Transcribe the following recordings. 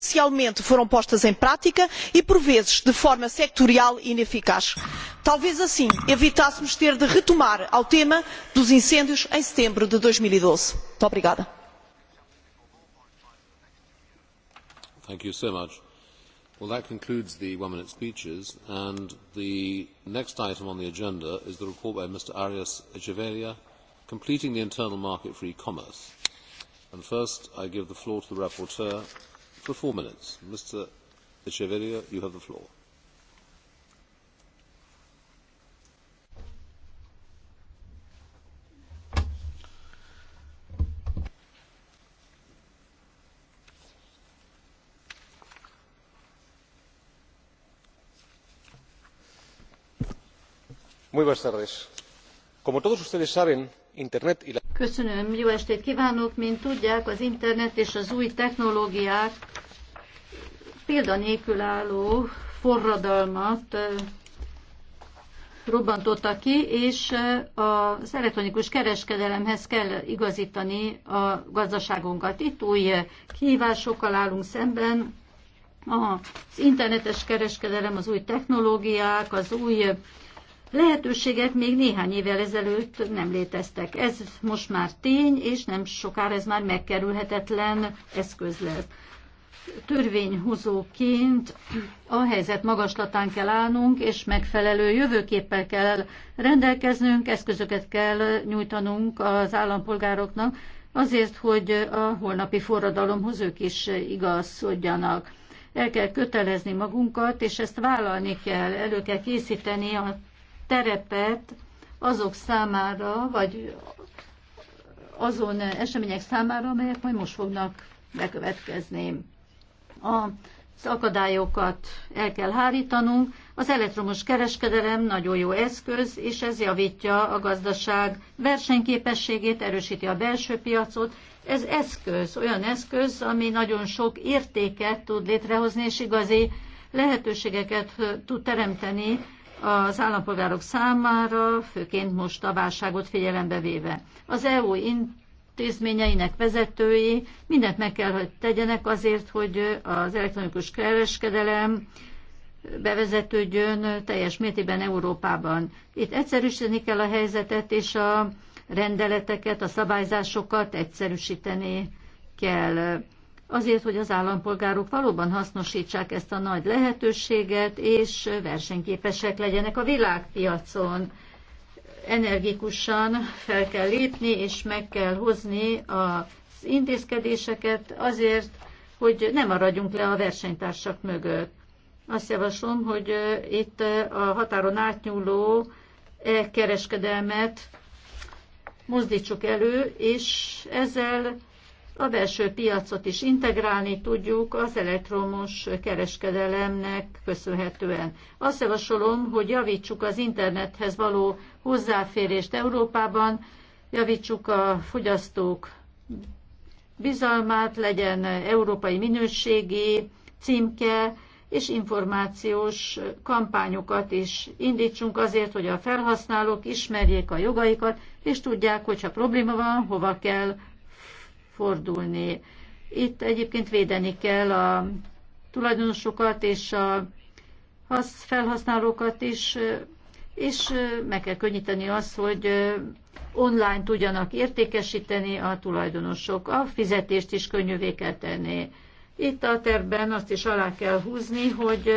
parcialmente foram postas em prática e por vezes de forma sectorial e ineficaz. talvez assim evitássemos ter de retomar ao tema dos incêndios em setembro de. dois mil e doze muito obrigada. Thank you so much. Well, that concludes the one minute speeches, and the next item on the agenda is the report by Mr. Arias Echeverria, completing the internal market for e commerce. And first, I give the floor to the rapporteur, köszönöm jó estét kívánok mint tudják az internet és az új technológiák példanélkül álló forradalmat robbantottak ki, és az elektronikus kereskedelemhez kell igazítani a gazdaságunkat. Itt új kihívásokkal állunk szemben, az internetes kereskedelem, az új technológiák, az új lehetőségek még néhány évvel ezelőtt nem léteztek. Ez most már tény, és nem sokára ez már megkerülhetetlen eszköz lesz törvényhozóként a helyzet magaslatán kell állnunk, és megfelelő jövőképpel kell rendelkeznünk, eszközöket kell nyújtanunk az állampolgároknak, azért, hogy a holnapi forradalomhoz ők is igazodjanak. El kell kötelezni magunkat, és ezt vállalni kell, elő kell készíteni a terepet azok számára, vagy azon események számára, amelyek majd most fognak bekövetkezni az akadályokat el kell hárítanunk. Az elektromos kereskedelem nagyon jó eszköz, és ez javítja a gazdaság versenyképességét, erősíti a belső piacot. Ez eszköz, olyan eszköz, ami nagyon sok értéket tud létrehozni, és igazi lehetőségeket tud teremteni az állampolgárok számára, főként most a válságot figyelembe véve. Az EU intézményeinek vezetői mindent meg kell, hogy tegyenek azért, hogy az elektronikus kereskedelem bevezetődjön teljes mértékben Európában. Itt egyszerűsíteni kell a helyzetet, és a rendeleteket, a szabályzásokat egyszerűsíteni kell. Azért, hogy az állampolgárok valóban hasznosítsák ezt a nagy lehetőséget, és versenyképesek legyenek a világpiacon energikusan fel kell lépni, és meg kell hozni az intézkedéseket azért, hogy ne maradjunk le a versenytársak mögött. Azt javaslom, hogy itt a határon átnyúló e kereskedelmet mozdítsuk elő, és ezzel a belső piacot is integrálni tudjuk az elektromos kereskedelemnek köszönhetően. Azt javasolom, hogy javítsuk az internethez való hozzáférést Európában, javítsuk a fogyasztók bizalmát, legyen európai minőségi címke, és információs kampányokat is indítsunk azért, hogy a felhasználók ismerjék a jogaikat, és tudják, hogyha probléma van, hova kell fordulni. Itt egyébként védeni kell a tulajdonosokat és a felhasználókat is, és meg kell könnyíteni azt, hogy online tudjanak értékesíteni a tulajdonosok. A fizetést is könnyűvé kell tenni. Itt a tervben azt is alá kell húzni, hogy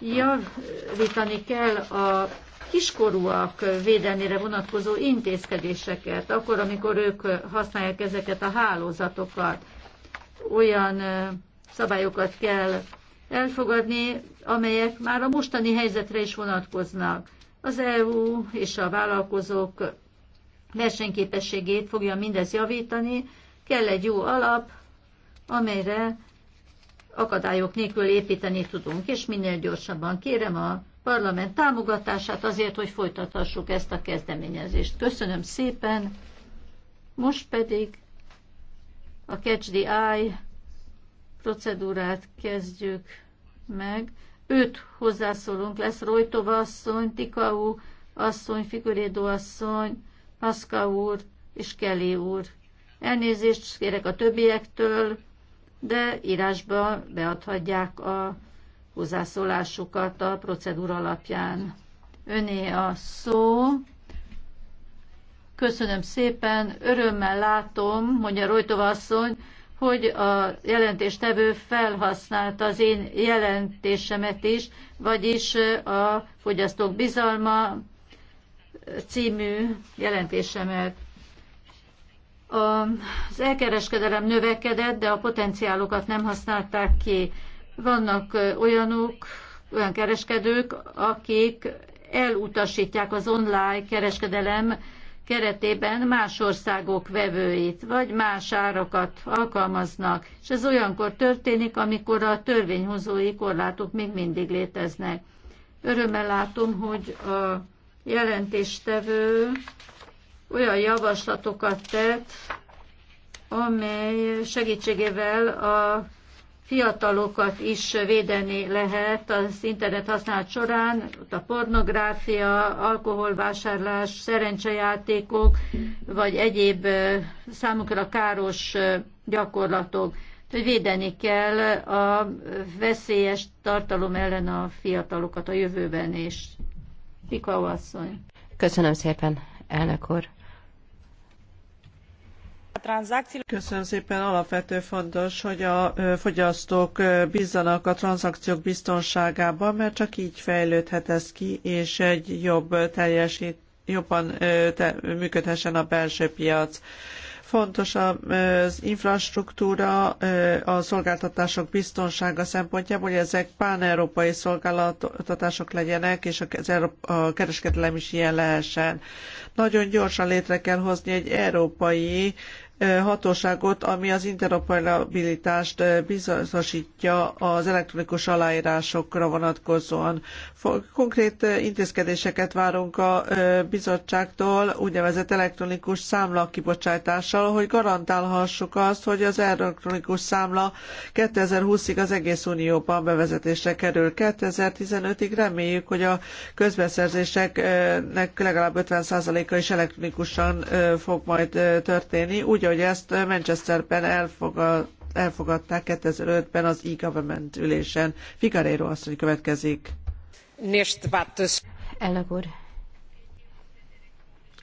javítani kell a kiskorúak védelmére vonatkozó intézkedéseket, akkor, amikor ők használják ezeket a hálózatokat. Olyan szabályokat kell elfogadni, amelyek már a mostani helyzetre is vonatkoznak. Az EU és a vállalkozók versenyképességét fogja mindez javítani, kell egy jó alap, amelyre akadályok nélkül építeni tudunk, és minél gyorsabban kérem a parlament támogatását azért, hogy folytathassuk ezt a kezdeményezést. Köszönöm szépen, most pedig a Catch the Eye procedúrát kezdjük meg. Öt hozzászólunk lesz, Rojtova asszony, Tikau asszony, Figurédo asszony, Paszka úr és Kelly úr. Elnézést kérek a többiektől, de írásba beadhatják a hozzászólásokat a procedúra alapján. Öné a szó. Köszönöm szépen, örömmel látom, mondja Rojtov asszony, hogy a jelentéstevő felhasználta az én jelentésemet is, vagyis a Fogyasztók Bizalma című jelentésemet. Az elkereskedelem növekedett, de a potenciálokat nem használták ki. Vannak olyanok, olyan kereskedők, akik elutasítják az online kereskedelem keretében más országok vevőit, vagy más árakat alkalmaznak, és ez olyankor történik, amikor a törvényhozói korlátok még mindig léteznek. Örömmel látom, hogy a jelentéstevő olyan javaslatokat tett, amely segítségével a fiatalokat is védeni lehet az internet használat során, a pornográfia, alkoholvásárlás, szerencsejátékok, vagy egyéb számukra káros gyakorlatok. Hogy védeni kell a veszélyes tartalom ellen a fiatalokat a jövőben is. Pikau asszony. Köszönöm szépen, elnök úr. Köszönöm szépen, alapvető fontos, hogy a fogyasztók bízzanak a tranzakciók biztonságában, mert csak így fejlődhet ez ki, és egy jobb teljesít, jobban te, működhessen a belső piac fontos az infrastruktúra, a szolgáltatások biztonsága szempontjából, hogy ezek pán-európai szolgáltatások legyenek, és a kereskedelem is ilyen lehessen. Nagyon gyorsan létre kell hozni egy európai hatóságot, ami az interoperabilitást biztosítja az elektronikus aláírásokra vonatkozóan. Konkrét intézkedéseket várunk a bizottságtól úgynevezett elektronikus számla kibocsátással, hogy garantálhassuk azt, hogy az elektronikus számla 2020-ig az egész Unióban bevezetésre kerül. 2015-ig reméljük, hogy a közbeszerzéseknek legalább 50%-a is elektronikusan fog majd történni, úgy úgy, ahogy ezt Manchesterben elfogad, elfogadták 2005-ben az e-government ülésen. Figueiredo asszony következik. Elnök úr,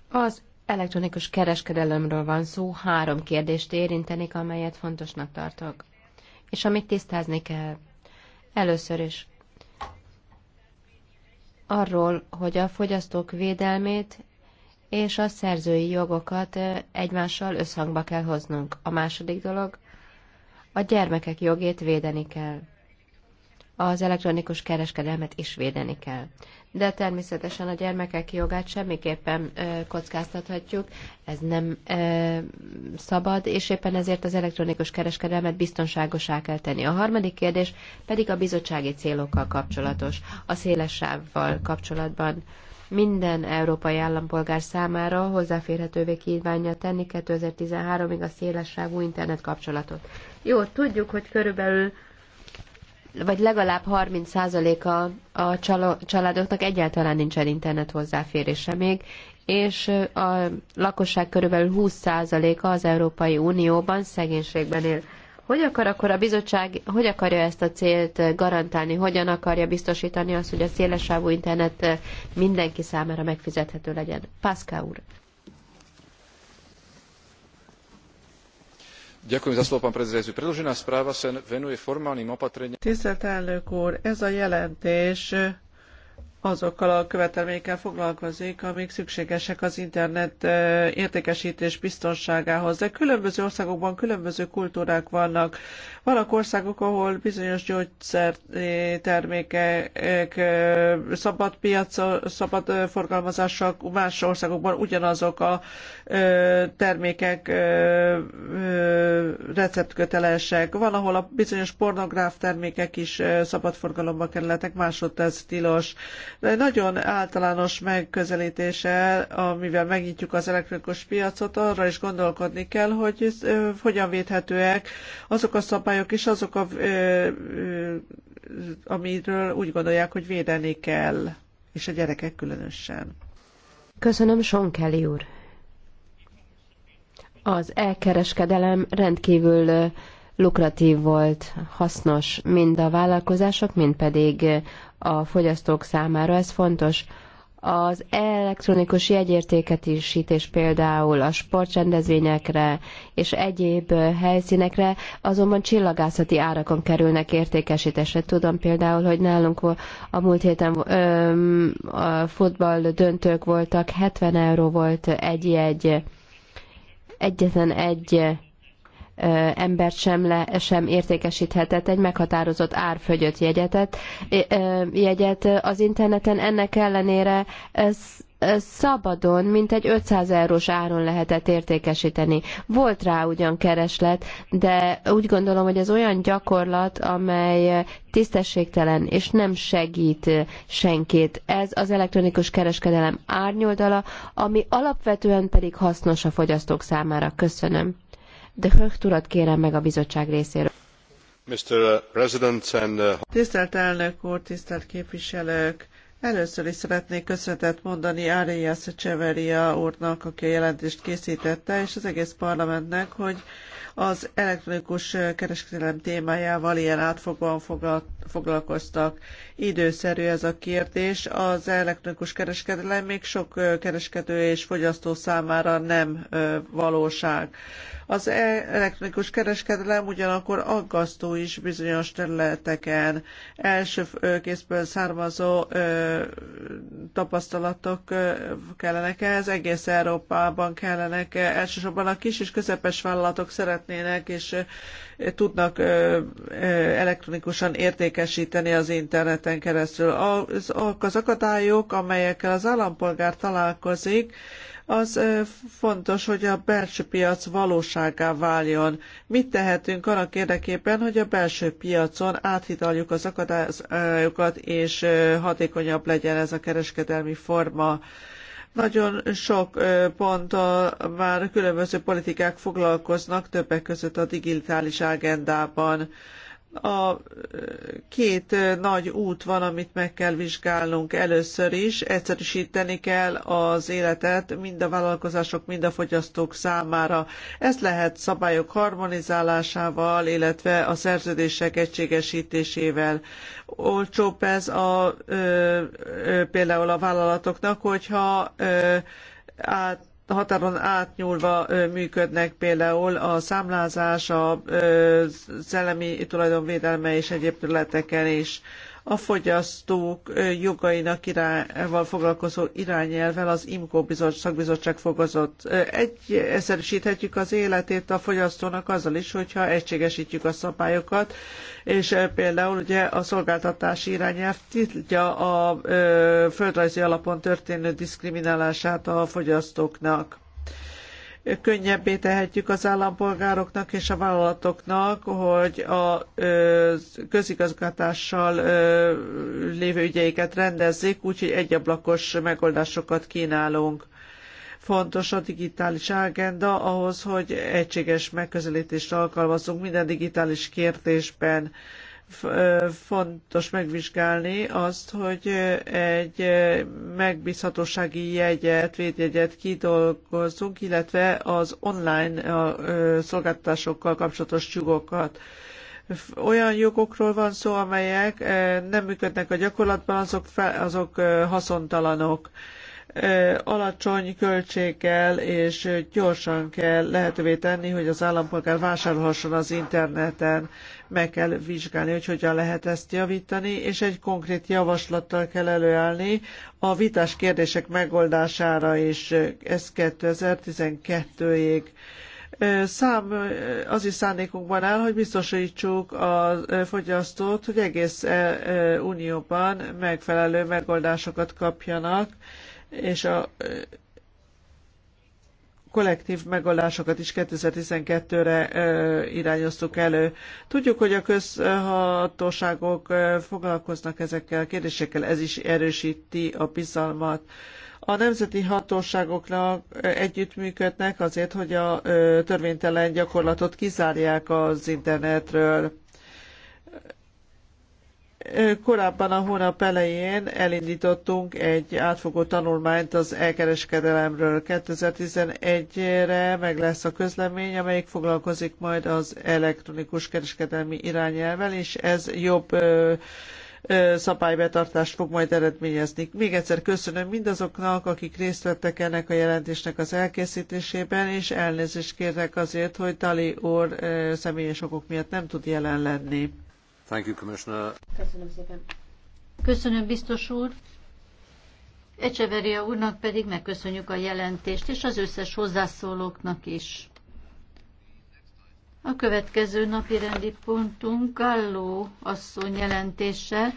az elektronikus kereskedelemről van szó, három kérdést érintenik, amelyet fontosnak tartok, és amit tisztázni kell. Először is arról, hogy a fogyasztók védelmét és a szerzői jogokat egymással összhangba kell hoznunk. A második dolog, a gyermekek jogét védeni kell. Az elektronikus kereskedelmet is védeni kell. De természetesen a gyermekek jogát semmiképpen ö, kockáztathatjuk, ez nem ö, szabad, és éppen ezért az elektronikus kereskedelmet biztonságosá kell tenni. A harmadik kérdés pedig a bizottsági célokkal kapcsolatos, a széles sávval kapcsolatban. Ö, minden európai állampolgár számára hozzáférhetővé kívánja tenni 2013-ig a szélesságú internet kapcsolatot. Jó, tudjuk, hogy körülbelül vagy legalább 30%-a a családoknak egyáltalán nincsen internet hozzáférése még, és a lakosság körülbelül 20%-a az Európai Unióban szegénységben él. Hogy akar akkor a bizottság, hogy akarja ezt a célt garantálni, hogyan akarja biztosítani azt, hogy a szélesávú internet eh, mindenki számára megfizethető legyen? Pászká úr. Tisztelt elnök úr, ez a jelentés azokkal a követelményekkel foglalkozik, amik szükségesek az internet értékesítés biztonságához. De különböző országokban különböző kultúrák vannak. Vannak országok, ahol bizonyos gyógyszertermékek szabad piac, szabad forgalmazások, más országokban ugyanazok a termékek receptkötelesek. Van, ahol a bizonyos pornográf termékek is szabad forgalomba kerülhetnek, máshogy ez tilos de nagyon általános megközelítéssel, amivel megnyitjuk az elektronikus piacot, arra is gondolkodni kell, hogy hogyan védhetőek azok a szabályok és azok, a, amiről úgy gondolják, hogy védeni kell, és a gyerekek különösen. Köszönöm, Sean Kelly úr. Az elkereskedelem rendkívül lukratív volt, hasznos mind a vállalkozások, mind pedig a fogyasztók számára. Ez fontos. Az elektronikus jegyértéketisítés például a sportrendezvényekre és egyéb helyszínekre azonban csillagászati árakon kerülnek értékesítésre. Tudom például, hogy nálunk a múlt héten a futball döntők voltak, 70 euró volt egy-egy, egyetlen egy embert sem, le, sem értékesíthetett egy meghatározott árfögyött jegyetet, jegyet az interneten. Ennek ellenére ez szabadon, mint egy 500 eurós áron lehetett értékesíteni. Volt rá ugyan kereslet, de úgy gondolom, hogy ez olyan gyakorlat, amely tisztességtelen és nem segít senkit. Ez az elektronikus kereskedelem árnyoldala, ami alapvetően pedig hasznos a fogyasztók számára. Köszönöm. De Höcht urat kérem meg a bizottság részéről. Mr. President and... Uh, tisztelt elnök úr, tisztelt képviselők! Először is szeretnék köszönetet mondani Arias Cseveria úrnak, aki a jelentést készítette, és az egész parlamentnek, hogy az elektronikus kereskedelem témájával ilyen átfogóan foglalkoztak. Időszerű ez a kérdés. Az elektronikus kereskedelem még sok kereskedő és fogyasztó számára nem valóság. Az e- elektronikus kereskedelem ugyanakkor aggasztó is bizonyos területeken. Első készből származó tapasztalatok kellenek ehhez, egész Európában kellenek, elsősorban a kis és közepes vállalatok szeretnének és tudnak elektronikusan értékesíteni az interneten keresztül. Az, az akadályok, amelyekkel az állampolgár találkozik, az fontos, hogy a belső piac valóságá váljon. Mit tehetünk annak érdekében, hogy a belső piacon áthidaljuk az akadályokat, és hatékonyabb legyen ez a kereskedelmi forma? Nagyon sok ponttal már különböző politikák foglalkoznak, többek között a digitális agendában a két nagy út van, amit meg kell vizsgálnunk először is. Egyszerűsíteni kell az életet mind a vállalkozások, mind a fogyasztók számára. Ez lehet szabályok harmonizálásával, illetve a szerződések egységesítésével. Olcsóbb ez a, ö, ö, például a vállalatoknak, hogyha ö, át határon átnyúlva működnek például a számlázás, a szellemi tulajdonvédelme és egyéb területeken is a fogyasztók jogainak irányával foglalkozó irányelvel az IMCO szakbizottság fogozott. Egyszerűsíthetjük az életét a fogyasztónak azzal is, hogyha egységesítjük a szabályokat, és például ugye a szolgáltatási irányelv tiltja a földrajzi alapon történő diszkriminálását a fogyasztóknak könnyebbé tehetjük az állampolgároknak és a vállalatoknak, hogy a közigazgatással lévő ügyeiket rendezzék, úgyhogy egyablakos megoldásokat kínálunk. Fontos a digitális ágenda ahhoz, hogy egységes megközelítést alkalmazzunk minden digitális kérdésben fontos megvizsgálni azt, hogy egy megbízhatósági jegyet, védjegyet kidolgozzunk, illetve az online szolgáltatásokkal kapcsolatos csugokat. Olyan jogokról van szó, amelyek nem működnek a gyakorlatban, azok, fel, azok haszontalanok alacsony költséggel és gyorsan kell lehetővé tenni, hogy az állampolgár vásárolhasson az interneten. Meg kell vizsgálni, hogy hogyan lehet ezt javítani, és egy konkrét javaslattal kell előállni a vitás kérdések megoldására is. Ez 2012-ig szám az is szándékunkban áll, hogy biztosítsuk a fogyasztót, hogy egész unióban megfelelő megoldásokat kapjanak, és a kollektív megoldásokat is 2012-re irányoztuk elő. Tudjuk, hogy a közhatóságok foglalkoznak ezekkel a kérdésekkel, ez is erősíti a bizalmat. A nemzeti hatóságoknak együttműködnek azért, hogy a törvénytelen gyakorlatot kizárják az internetről Korábban a hónap elején elindítottunk egy átfogó tanulmányt az elkereskedelemről. 2011-re meg lesz a közlemény, amelyik foglalkozik majd az elektronikus kereskedelmi irányelvel, és ez jobb szabálybetartást fog majd eredményezni. Még egyszer köszönöm mindazoknak, akik részt vettek ennek a jelentésnek az elkészítésében, és elnézést kérek azért, hogy Dali úr személyes okok miatt nem tud jelen lenni. Thank you, Commissioner. Köszönöm biztos úr. Ecseveria úrnak pedig megköszönjük a jelentést, és az összes hozzászólóknak is. A következő napi rendi pontunk Galló asszony jelentése